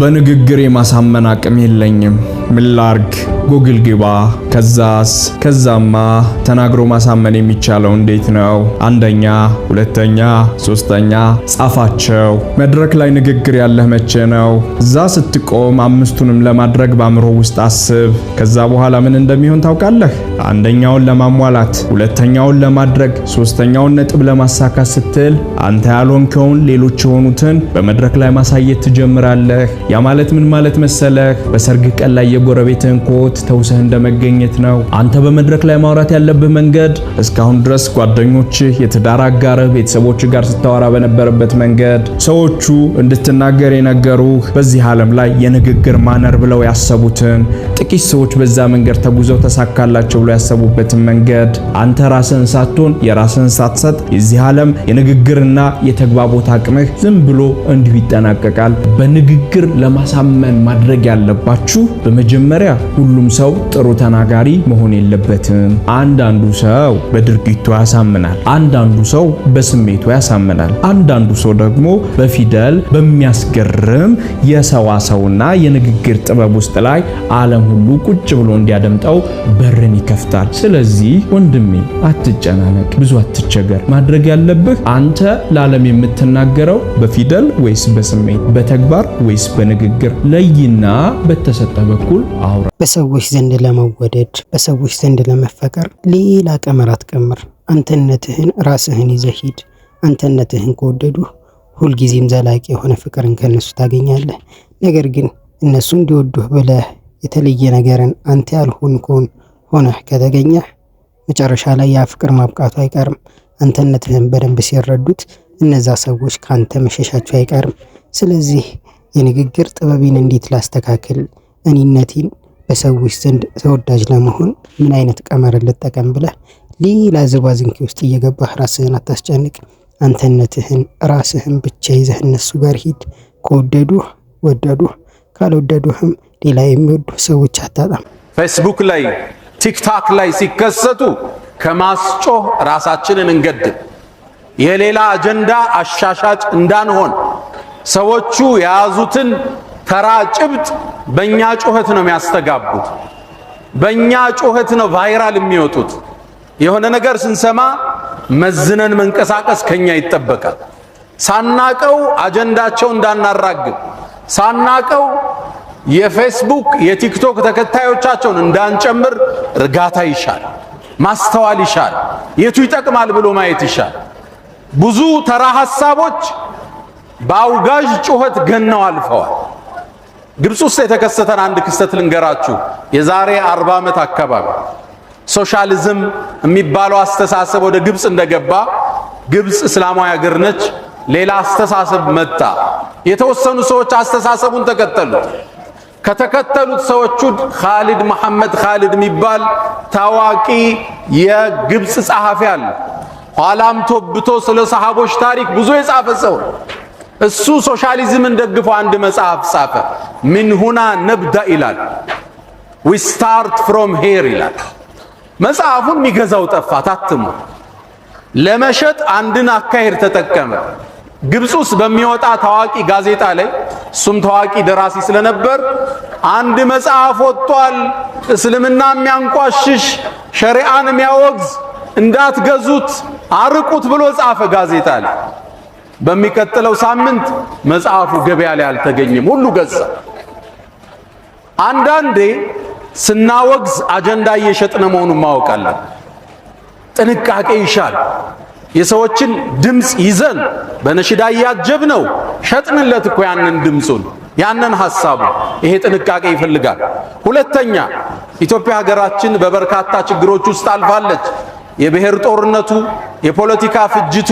በንግግር የማሳመን አቅም የለኝም። ምን ላርግ? ግባ። ከዛስ? ከዛማ ተናግሮ ማሳመን የሚቻለው እንዴት ነው? አንደኛ፣ ሁለተኛ፣ ሶስተኛ ጻፋቸው። መድረክ ላይ ንግግር ያለህ መቼ ነው? እዛ ስትቆም አምስቱንም ለማድረግ በአእምሮ ውስጥ አስብ። ከዛ በኋላ ምን እንደሚሆን ታውቃለህ። አንደኛውን ለማሟላት፣ ሁለተኛውን ለማድረግ፣ ሶስተኛውን ነጥብ ለማሳካት ስትል አንተ ያልሆንከውን ሌሎች የሆኑትን በመድረክ ላይ ማሳየት ትጀምራለህ። ያ ማለት ምን ማለት መሰለህ? በሰርግ ቀን ላይ የጎረቤትህን ኮት ተውሰህ እንደመገኘት ነው። አንተ በመድረክ ላይ ማውራት ያለብህ መንገድ እስካሁን ድረስ ጓደኞችህ፣ የትዳር አጋርህ፣ ቤተሰቦች ጋር ስታወራ በነበረበት መንገድ ሰዎቹ እንድትናገር የነገሩህ በዚህ ዓለም ላይ የንግግር ማነር ብለው ያሰቡትን ጥቂት ሰዎች በዛ መንገድ ተጉዘው ተሳካላቸው ብሎ ያሰቡበትን መንገድ አንተ ራስን ሳትሆን የራስን ሳትሰጥ የዚህ ዓለም የንግግርና የተግባቦት አቅምህ ዝም ብሎ እንዲሁ ይጠናቀቃል። በንግግር ለማሳመን ማድረግ ያለባችሁ በመጀመሪያ ሁሉም ሰው ጥሩ ተናጋሪ መሆን የለበትም። አንዳንዱ ሰው በድርጊቱ ያሳምናል፣ አንዳንዱ ሰው በስሜቱ ያሳምናል፣ አንዳንዱ ሰው ደግሞ በፊደል በሚያስገርም የሰዋሰውና የንግግር ጥበብ ውስጥ ላይ ዓለም ሁሉ ቁጭ ብሎ እንዲያደምጠው በርን ይከፍታል። ይከፍታል። ስለዚህ ወንድሜ አትጨናነቅ፣ ብዙ አትቸገር። ማድረግ ያለብህ አንተ ለዓለም የምትናገረው በፊደል ወይስ በስሜት፣ በተግባር ወይስ በንግግር ለይና በተሰጠ በኩል አውራ። በሰዎች ዘንድ ለመወደድ፣ በሰዎች ዘንድ ለመፈቀር ሌላ ቀመር አትቀምር። አንተነትህን ራስህን ይዘህ ሂድ። አንተነትህን ከወደዱ ሁልጊዜም ዘላቂ የሆነ ፍቅርን ከነሱ ታገኛለህ። ነገር ግን እነሱ እንዲወዱህ ብለህ የተለየ ነገርን አንተ ያልሆንከውን ሆነህ ከተገኘህ መጨረሻ ላይ ያ ፍቅር ማብቃቱ አይቀርም። አንተነትህን በደንብ ሲረዱት እነዛ ሰዎች ከአንተ መሸሻቸው አይቀርም። ስለዚህ የንግግር ጥበቤን እንዴት ላስተካክል፣ እኔነቴን በሰዎች ዘንድ ተወዳጅ ለመሆን ምን አይነት ቀመር ልጠቀም ብለህ ሌላ ዝባዝንኪ ውስጥ እየገባህ ራስህን አታስጨንቅ። አንተነትህን ራስህን ብቻ ይዘህ እነሱ ጋር ሂድ። ከወደዱህ ወደዱህ፣ ካልወደዱህም ሌላ የሚወዱ ሰዎች አታጣም። ፌስቡክ ላይ ቲክታክ ላይ ሲከሰቱ ከማስጮህ ራሳችንን እንገድል። የሌላ አጀንዳ አሻሻጭ እንዳንሆን ሰዎቹ የያዙትን ተራ ጭብጥ በእኛ ጩኸት ነው የሚያስተጋቡት። በእኛ ጩኸት ነው ቫይራል የሚወጡት። የሆነ ነገር ስንሰማ መዝነን መንቀሳቀስ ከኛ ይጠበቃል። ሳናቀው አጀንዳቸው እንዳናራግብ ሳናቀው የፌስቡክ የቲክቶክ ተከታዮቻቸውን እንዳንጨምር እርጋታ ይሻል፣ ማስተዋል ይሻል፣ የቱ ይጠቅማል ብሎ ማየት ይሻል። ብዙ ተራ ሐሳቦች በአውጋዥ ጩኸት ገነው አልፈዋል። ግብፅ ውስጥ የተከሰተን አንድ ክስተት ልንገራችሁ። የዛሬ 40 ዓመት አካባቢ ሶሻሊዝም የሚባለው አስተሳሰብ ወደ ግብፅ እንደገባ ግብፅ እስላማዊ ሀገር ነች። ሌላ አስተሳሰብ መጣ። የተወሰኑ ሰዎች አስተሳሰቡን ተከተሉት። ከተከተሉት ሰዎቹ ኻሊድ መሐመድ ኻሊድ የሚባል ታዋቂ የግብፅ ጸሐፊ አለ። ኋላም ቶብቶ ስለ ሰሃቦች ታሪክ ብዙ የጻፈ ሰው እሱ ሶሻሊዝምን ደግፎ አንድ መጽሐፍ ጻፈ። ምን ሁና ነብዳ ይላል፣ ዊ ስታርት ፍሮም ሄር ይላል። መጽሐፉን የሚገዛው ጠፋ፣ ታትሞ ለመሸጥ አንድን አካሄድ ተጠቀመ። ግብፅ ውስጥ በሚወጣ ታዋቂ ጋዜጣ ላይ እሱም ታዋቂ ደራሲ ስለነበር አንድ መጽሐፍ ወጥቷል፣ እስልምና የሚያንቋሽሽ ሸሪዓን የሚያወግዝ እንዳትገዙት አርቁት ብሎ ጻፈ ጋዜጣ ላይ። በሚቀጥለው ሳምንት መጽሐፉ ገበያ ላይ አልተገኘም፣ ሁሉ ገዛ። አንዳንዴ ስናወግዝ አጀንዳ እየሸጥነ መሆኑን ማወቅ አለን። ጥንቃቄ ይሻል። የሰዎችን ድምፅ ይዘን በነሽዳ እያጀብ ነው ሸጥንለት እኮ ያንን ድምፁን ያንን ሐሳቡ ይሄ ጥንቃቄ ይፈልጋል። ሁለተኛ ኢትዮጵያ ሀገራችን በበርካታ ችግሮች ውስጥ አልፋለች። የብሔር ጦርነቱ፣ የፖለቲካ ፍጅቱ፣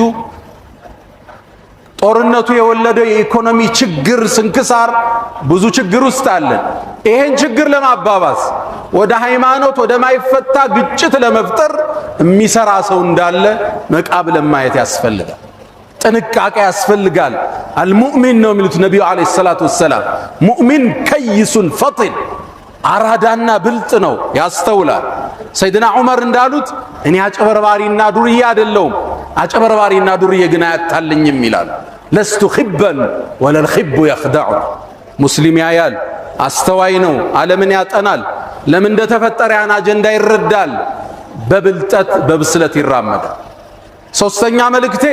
ጦርነቱ የወለደው የኢኮኖሚ ችግር ስንክሳር፣ ብዙ ችግር ውስጥ አለን። ይሄን ችግር ለማባባስ ወደ ሃይማኖት ወደማይፈታ ግጭት ለመፍጠር የሚሰራ ሰው እንዳለ መቃብለን ማየት ያስፈልጋል። ጥንቃቄ ያስፈልጋል። አልሙእሚን ነው የሚሉት ነቢዩ ዓለይሂ ሰላቱ ወሰላም። ሙእሚን ከይሱን ፈጢን አራዳና ብልጥ ነው፣ ያስተውላል። ሰይድና ዑመር እንዳሉት እኔ አጨበርባሪና ዱርዬ አይደለውም፣ አጨበርባሪና ዱርዬ ግን አያታልኝም ይላል። ለስቱ ኺበን ወለልኺቡ የኽዳዑ ሙስሊም ያያል፣ አስተዋይ ነው፣ ዓለምን ያጠናል። ለምን እንደተፈጠረ ያን አጀንዳ ይረዳል። በብልጠት በብስለት ይራመዳል። ሶስተኛ መልእክቴ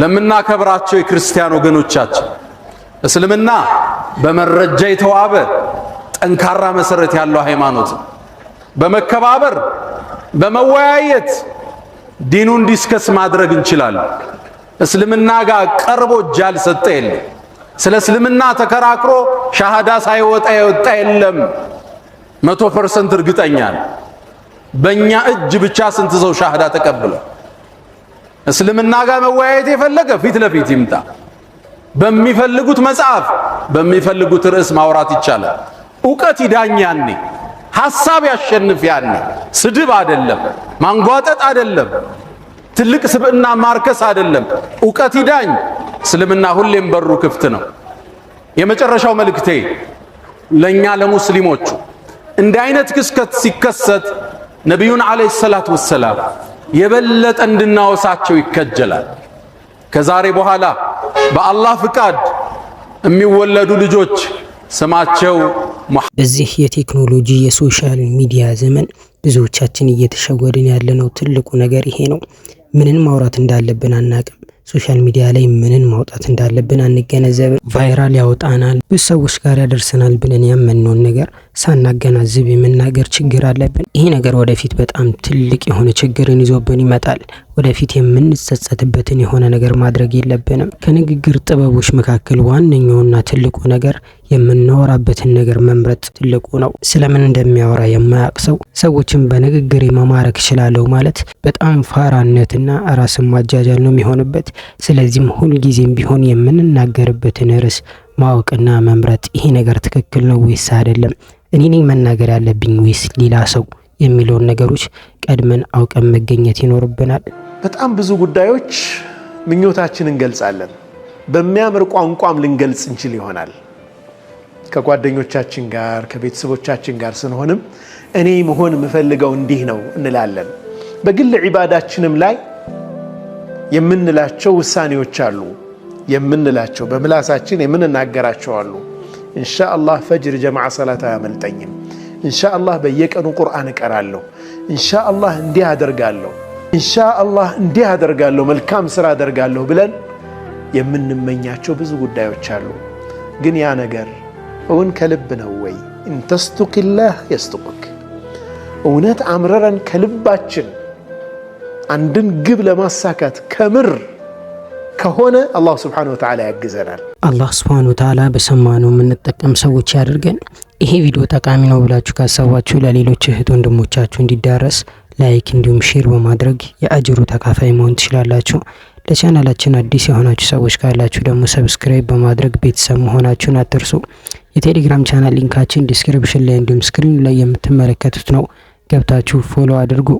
ለምናከብራቸው የክርስቲያን ወገኖቻችን እስልምና በመረጃ የተዋበ ጠንካራ መሰረት ያለው ሃይማኖት በመከባበር በመወያየት ዲኑን ዲስከስ ማድረግ እንችላለን። እስልምና ጋር ቀርቦ እጅ ያልሰጠ የለም። ስለ እስልምና ተከራክሮ ሻሃዳ ሳይወጣ የወጣ የለም። መቶ ፐርሰንት እርግጠኛ ነው። በእኛ እጅ ብቻ ስንት ሰው ሻህዳ ተቀብለ። እስልምና ጋር መወያየት የፈለገ ፊት ለፊት ይምጣ። በሚፈልጉት መጽሐፍ፣ በሚፈልጉት ርዕስ ማውራት ይቻላል። እውቀት ይዳኝ ያኔ፣ ሐሳብ ያሸንፍ ያኔ። ስድብ አይደለም፣ ማንጓጠጥ አይደለም፣ ትልቅ ስብዕና ማርከስ አይደለም። እውቀት ይዳኝ። እስልምና ሁሌም በሩ ክፍት ነው። የመጨረሻው መልእክቴ ለእኛ ለሙስሊሞቹ እንዲህ አይነት ግስከት ሲከሰት ነቢዩን ዓለይሂ ሰላቱ ወሰላም የበለጠ እንድናወሳቸው ይከጀላል። ከዛሬ በኋላ በአላህ ፍቃድ የሚወለዱ ልጆች ስማቸው በዚህ የቴክኖሎጂ የሶሻል ሚዲያ ዘመን ብዙዎቻችን እየተሸወድን ያለነው ትልቁ ነገር ይሄ ነው። ምንን ማውራት እንዳለብን አናቅም። ሶሻል ሚዲያ ላይ ምንን ማውጣት እንዳለብን አንገነዘብን ቫይራል ያወጣናል፣ ብዙ ሰዎች ጋር ያደርሰናል ብለን ያመንነውን ነገር ሳናገናዝብ የመናገር ችግር አለብን። ይሄ ነገር ወደፊት በጣም ትልቅ የሆነ ችግርን ይዞብን ይመጣል። ወደፊት የምንጸጸትበትን የሆነ ነገር ማድረግ የለብንም። ከንግግር ጥበቦች መካከል ዋነኛውና ትልቁ ነገር የምናወራበትን ነገር መምረጥ ትልቁ ነው። ስለምን እንደሚያወራ የማያውቅ ሰው ሰዎችን በንግግር መማረክ እችላለሁ ማለት በጣም ፋራነትና ራስን ማጃጃል ነው የሚሆንበት። ስለዚህም ሁልጊዜም ቢሆን የምንናገርበትን ርዕስ ማወቅና መምረጥ ይሄ ነገር ትክክል ነው ወይስ አይደለም፣ እኔ ነኝ መናገር ያለብኝ ወይስ ሌላ ሰው የሚለውን ነገሮች ቀድመን አውቀን መገኘት ይኖርብናል። በጣም ብዙ ጉዳዮች ምኞታችን እንገልጻለን። በሚያምር ቋንቋም ልንገልጽ እንችል ይሆናል። ከጓደኞቻችን ጋር ከቤተሰቦቻችን ጋር ስንሆንም እኔ መሆን የምፈልገው እንዲህ ነው እንላለን። በግል ዒባዳችንም ላይ የምንላቸው ውሳኔዎች አሉ። የምንላቸው በምላሳችን የምንናገራቸው አሉ። እንሻ አላህ ፈጅር ጀማዓ ሰላት አያመልጠኝም፣ እንሻ አላህ በየቀኑ ቁርአን እቀራለሁ፣ እንሻ አላህ እንዲህ አደርጋለሁ ኢንሻአላህ እንዲህ አደርጋለሁ መልካም ስራ አደርጋለሁ ብለን የምንመኛቸው ብዙ ጉዳዮች አሉ። ግን ያ ነገር እውን ከልብ ነው ወይ? እንተስቱቅላህ የስቱቁክ። እውነት አምረረን ከልባችን አንድን ግብ ለማሳካት ከምር ከሆነ አላህ ስብሓነሁ ወተዓላ ያግዘናል። አላህ ስብሓነሁ ወተዓላ በሰማነው የምንጠቀም ሰዎች ያደርገን ይሄ ቪዲዮ ጠቃሚ ነው ብላችሁ ካሰባችሁ ለሌሎች እህት ወንድሞቻችሁ እንዲዳረስ ላይክ እንዲሁም ሼር በማድረግ የአጅሩ ተካፋይ መሆን ትችላላችሁ። ለቻናላችን አዲስ የሆናችሁ ሰዎች ካላችሁ ደግሞ ሰብስክራይብ በማድረግ ቤተሰብ መሆናችሁን አትርሱ። የቴሌግራም ቻናል ሊንካችን ዲስክሪፕሽን ላይ እንዲሁም ስክሪኑ ላይ የምትመለከቱት ነው። ገብታችሁ ፎሎ አድርጉ።